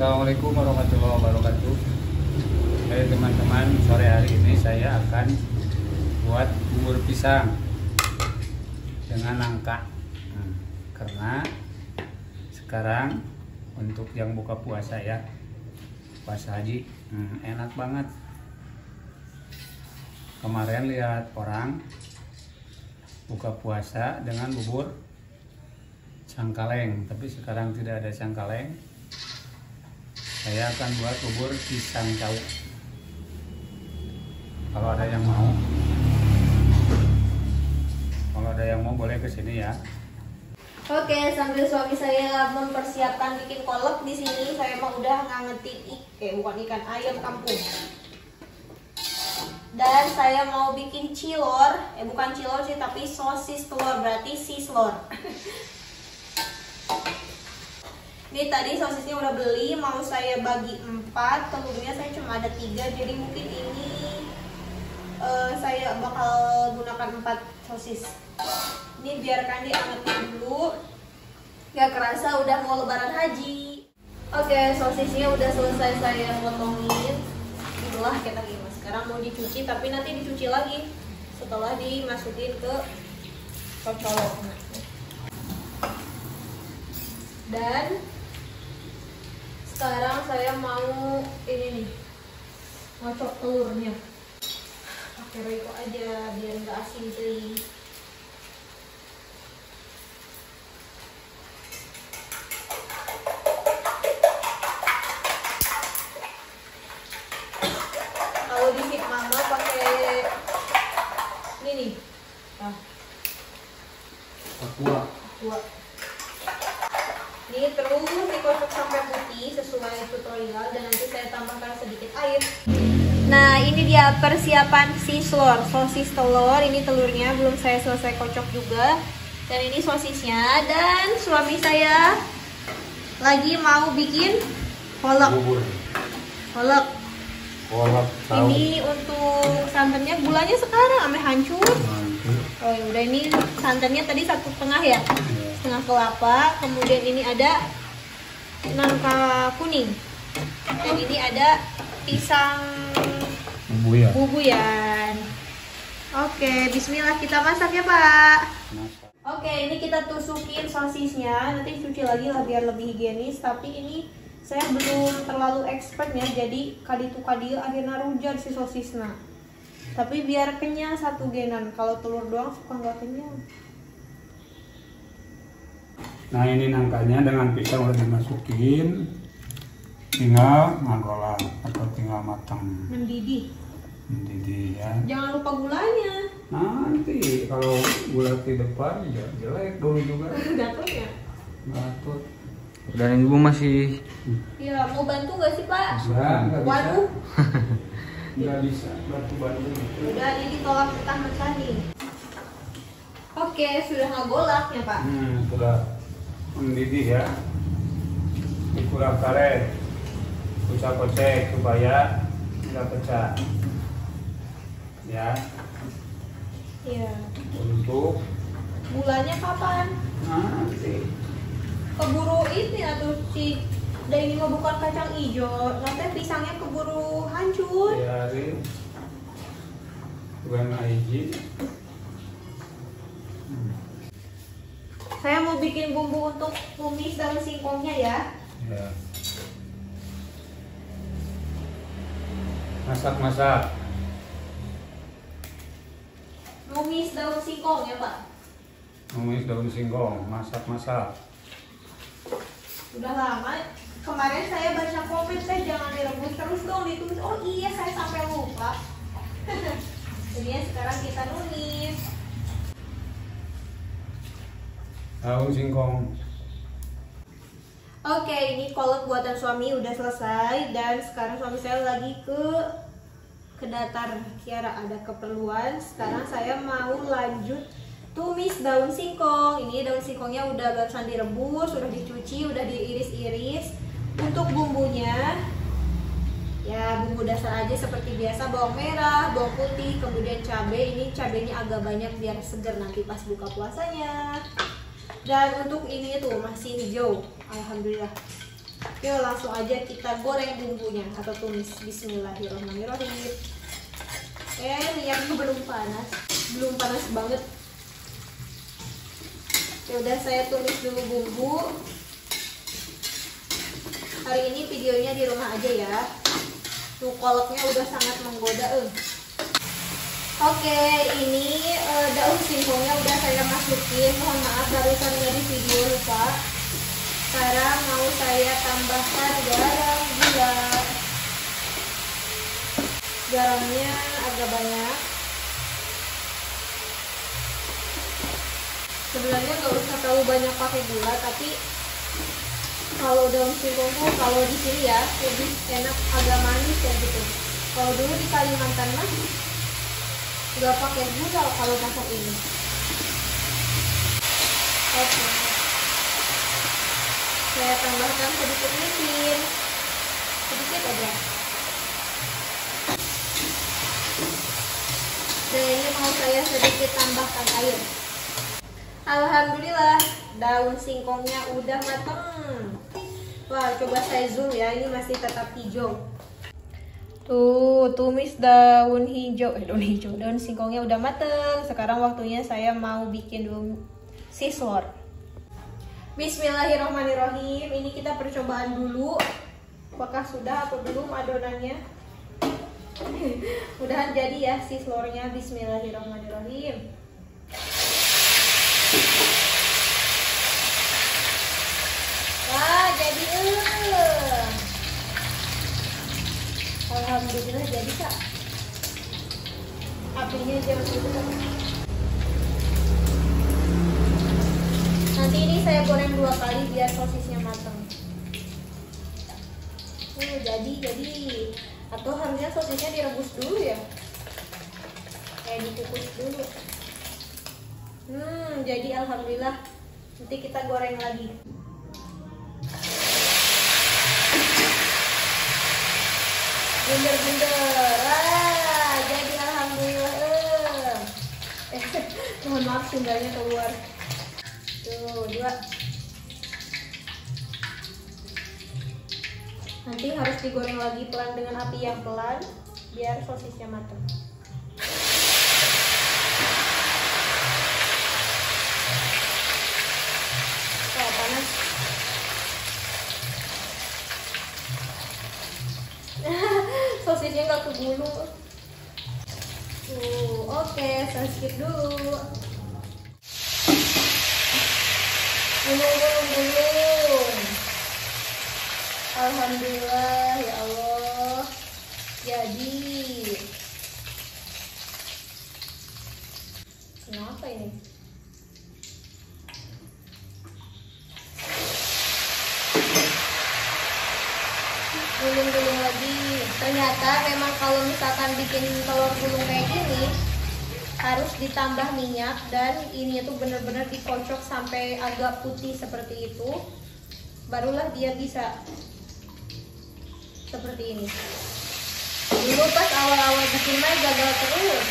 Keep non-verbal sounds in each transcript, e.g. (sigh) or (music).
Assalamualaikum warahmatullahi wabarakatuh Hai teman-teman sore hari ini saya akan buat bubur pisang dengan nangka hmm, karena sekarang untuk yang buka puasa ya puasa haji hmm, enak banget kemarin lihat orang buka puasa dengan bubur cangkaleng tapi sekarang tidak ada cangkaleng saya akan buat bubur pisang cau kalau ada yang mau kalau ada yang mau boleh kesini ya Oke, sambil suami saya mempersiapkan bikin kolak di sini, saya emang udah ngangetin ikan, bukan ikan ayam kampung. Dan saya mau bikin cilor, eh bukan cilor sih, tapi sosis telur berarti sislor. (laughs) Ini tadi sosisnya udah beli, mau saya bagi empat, telurnya saya cuma ada tiga, jadi mungkin ini uh, saya bakal gunakan empat sosis. Ini biarkan diangetin dulu, nggak kerasa udah mau lebaran haji. Oke, okay, sosisnya udah selesai saya potongin. Itulah kita gimana. Sekarang mau dicuci, tapi nanti dicuci lagi setelah dimasukin ke kocolok. Dan sekarang saya mau ini nih ngocok telurnya pakai royco aja biar nggak asin sih sesuai tutorial dan nanti saya tambahkan sedikit air. Nah ini dia persiapan si telur, sosis telur. Ini telurnya belum saya selesai kocok juga. Dan ini sosisnya dan suami saya lagi mau bikin kolak. Kolak. Ini untuk santannya gulanya sekarang ame hancur. Oh ya udah ini santannya tadi satu setengah ya, iya. setengah kelapa. Kemudian ini ada nangka kuning dan ini ada pisang bubuyan, bubuyan. oke bismillah kita masak ya pak oke ini kita tusukin sosisnya nanti cuci lagi lah biar lebih higienis tapi ini saya belum terlalu expert ya jadi kadi tuh kadi akhirnya rujar si sosisnya tapi biar kenyang satu genan kalau telur doang suka nggak kenyang Nah ini nangkanya dengan pisau udah dimasukin, tinggal ngagolan atau tinggal matang. Mendidih. Mendidih ya. Jangan lupa gulanya. Nanti kalau gula di depan ya jelek dulu juga. (laughs) Gatot ya. Gatot. Dan ibu masih. Iya mau bantu gak sih pak? Enggak. Waduh. Enggak (laughs) iya. bisa bantu bantu. Udah ini tolak kita mencari Oke sudah golak ya pak. Hmm sudah mendidih ya dikurang karet kita kocek supaya tidak pecah ya iya untuk bulannya kapan nanti keburu ini atau si dan ini mau bukan kacang hijau nanti pisangnya keburu hancur ya hari bukan hijau Saya mau bikin bumbu untuk tumis daun singkongnya ya. ya. Masak-masak. Tumis daun singkong ya Pak? Tumis daun singkong, masak-masak. Sudah lama, kemarin saya baca komen saya jangan direbus terus dong ditumis. Oh iya saya sampai lupa. (laughs) Jadi ya, sekarang kita tumis tahu singkong Oke, ini kolak buatan suami udah selesai dan sekarang suami saya lagi ke ke datar Kiara ada keperluan. Sekarang saya mau lanjut tumis daun singkong. Ini daun singkongnya udah barusan direbus, sudah dicuci, udah diiris-iris. Untuk bumbunya ya bumbu dasar aja seperti biasa bawang merah, bawang putih, kemudian cabai. Ini cabainya agak banyak biar seger nanti pas buka puasanya dan untuk ini tuh masih hijau alhamdulillah oke langsung aja kita goreng bumbunya atau tumis bismillahirrahmanirrahim eh minyaknya belum panas belum panas banget ya udah saya tumis dulu bumbu hari ini videonya di rumah aja ya tuh koloknya udah sangat menggoda eh Oke, ini uh, daun singkongnya udah saya masukin. Mohon maaf barusan dari video lupa. Sekarang mau saya tambahkan garam gula. Garamnya agak banyak. Sebenarnya nggak usah terlalu banyak pakai gula, tapi kalau daun singkong tuh kalau di sini ya lebih enak agak manis ya gitu. Kalau dulu di Kalimantan mah nggak pakai gula kalau masak ini oke saya tambahkan sedikit micin sedikit aja dan ini mau saya sedikit tambahkan air Alhamdulillah daun singkongnya udah mateng Wah coba saya zoom ya ini masih tetap hijau Tuh, tumis daun hijau, eh daun hijau, daun singkongnya udah mateng. Sekarang waktunya saya mau bikin daun sislor. Bismillahirrahmanirrahim. Ini kita percobaan dulu. Apakah sudah atau belum adonannya? Mudahan (laughs) jadi ya sislornya. Bismillahirrahmanirrahim. Wah, jadi uh alhamdulillah jadi kak apinya jangan kak nanti ini saya goreng dua kali biar sosisnya matang uh, jadi jadi atau harusnya sosisnya direbus dulu ya kayak dikukus dulu hmm jadi alhamdulillah nanti kita goreng lagi bunder-bunder, ah jadi alhamdulillah eh, (laughs) mohon maaf sendalnya keluar tuh dua nanti harus digoreng lagi pelan dengan api yang pelan biar sosisnya matang skip dulu gulung gulung gulung alhamdulillah ya Allah jadi kenapa ini gulung-gulung lagi ternyata memang kalau misalkan bikin telur gulung kayak gini harus ditambah minyak dan ini tuh benar-benar dikocok sampai agak putih seperti itu barulah dia bisa seperti ini dulu pas awal-awal bikinnya gagal terus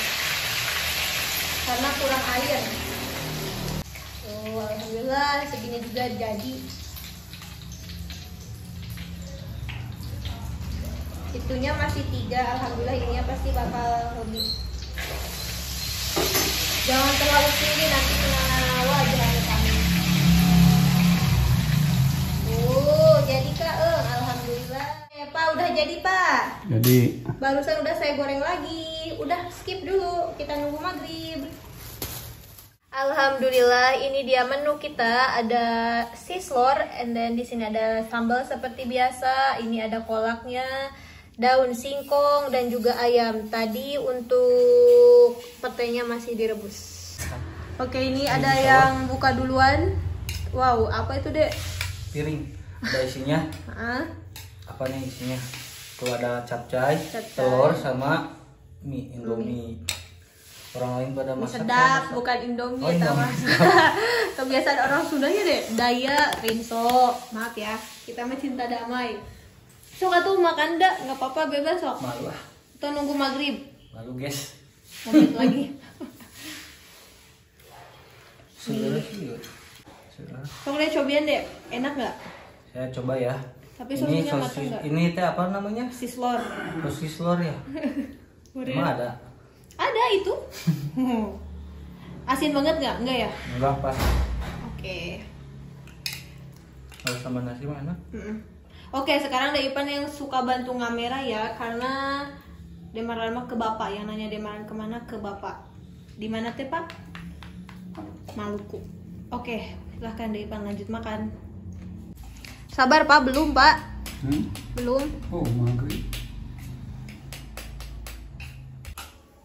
karena kurang air oh, Alhamdulillah segini juga jadi itunya masih tiga Alhamdulillah ini pasti bakal lebih jangan terlalu tinggi nanti kena wajah kami uh jadi kak eh, alhamdulillah eh, pak udah jadi pak jadi barusan udah saya goreng lagi udah skip dulu kita nunggu maghrib Alhamdulillah ini dia menu kita ada sislor and then di sini ada sambal seperti biasa ini ada kolaknya daun singkong dan juga ayam. Tadi untuk petainya masih direbus. Oke, ini ada yang buka duluan. Wow, apa itu, Dek? Piring. Ada isinya. apa nih isinya? itu ada capcay, capcay. telur sama mie indomie. Mie orang lain pada masak sedap masak. bukan indomie oh, ya, indomie. (laughs) kebiasaan orang Sunda ya deh daya rinso maaf ya kita mencinta damai sok atuh makan dah nggak apa-apa bebas sok malu ah atau nunggu maghrib malu guys ngomit lagi Sudah. (laughs) sih ya. saudara sok cobian cobain deh enak nggak saya coba ya tapi ini sosis matang, ini teh apa namanya sislor Sislor ya (laughs) Emang ada ada itu (laughs) asin banget nggak enggak ya enggak pas oke okay. kalau sama nasi mah enak mm -mm. Oke, sekarang ada Ipan yang suka bantu ngamera ya karena Demaran mah ke bapak yang nanya Demaran kemana ke bapak. Di mana teh pak? Maluku. Oke, silahkan deh Ipan lanjut makan. Sabar pak, belum pak. Hmm? Belum. Oh maghrib.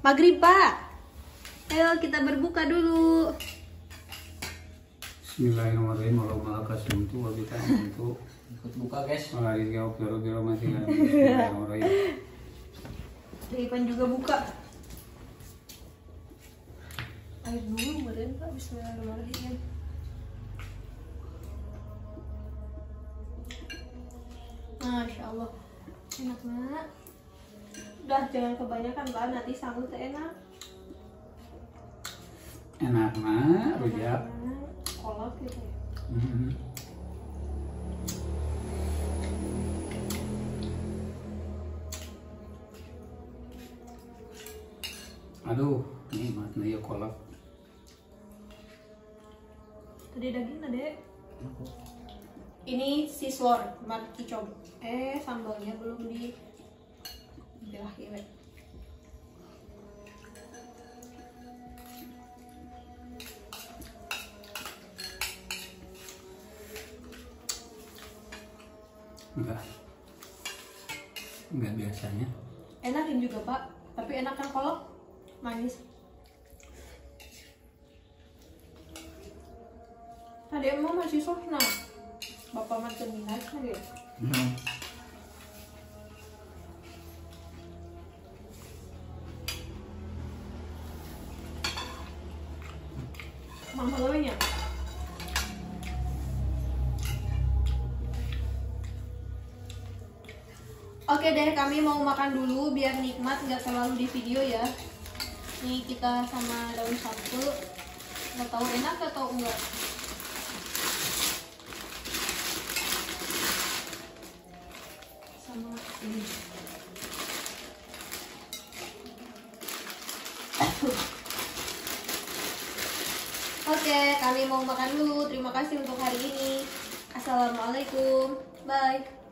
Maghrib pak. Ayo kita berbuka dulu. Bismillahirrahmanirrahim. Allahumma untuk kita untuk ikut buka guys lagi kayak obor-obor masih kan (laughs) ya. Ipan juga buka air dulu badan pak ya. Masya Allah enak banget udah jangan kebanyakan pak nanti sanggup enak enak mah rujak kolak gitu ya mm -hmm. aduh nikmat na ya kolak tadi dagingnya dek ini siswor mat kicom eh sambalnya belum di bilah kira enggak enggak biasanya enakin juga pak tapi enakan kolok manis tadi emang masih soft nah bapak ini nice lagi hmm. mama Oke deh, kami mau makan dulu biar nikmat, nggak selalu di video ya ini kita sama daun satu nggak tahu enak atau enggak sama ini Oke, kami mau makan dulu. Terima kasih untuk hari ini. Assalamualaikum. Bye.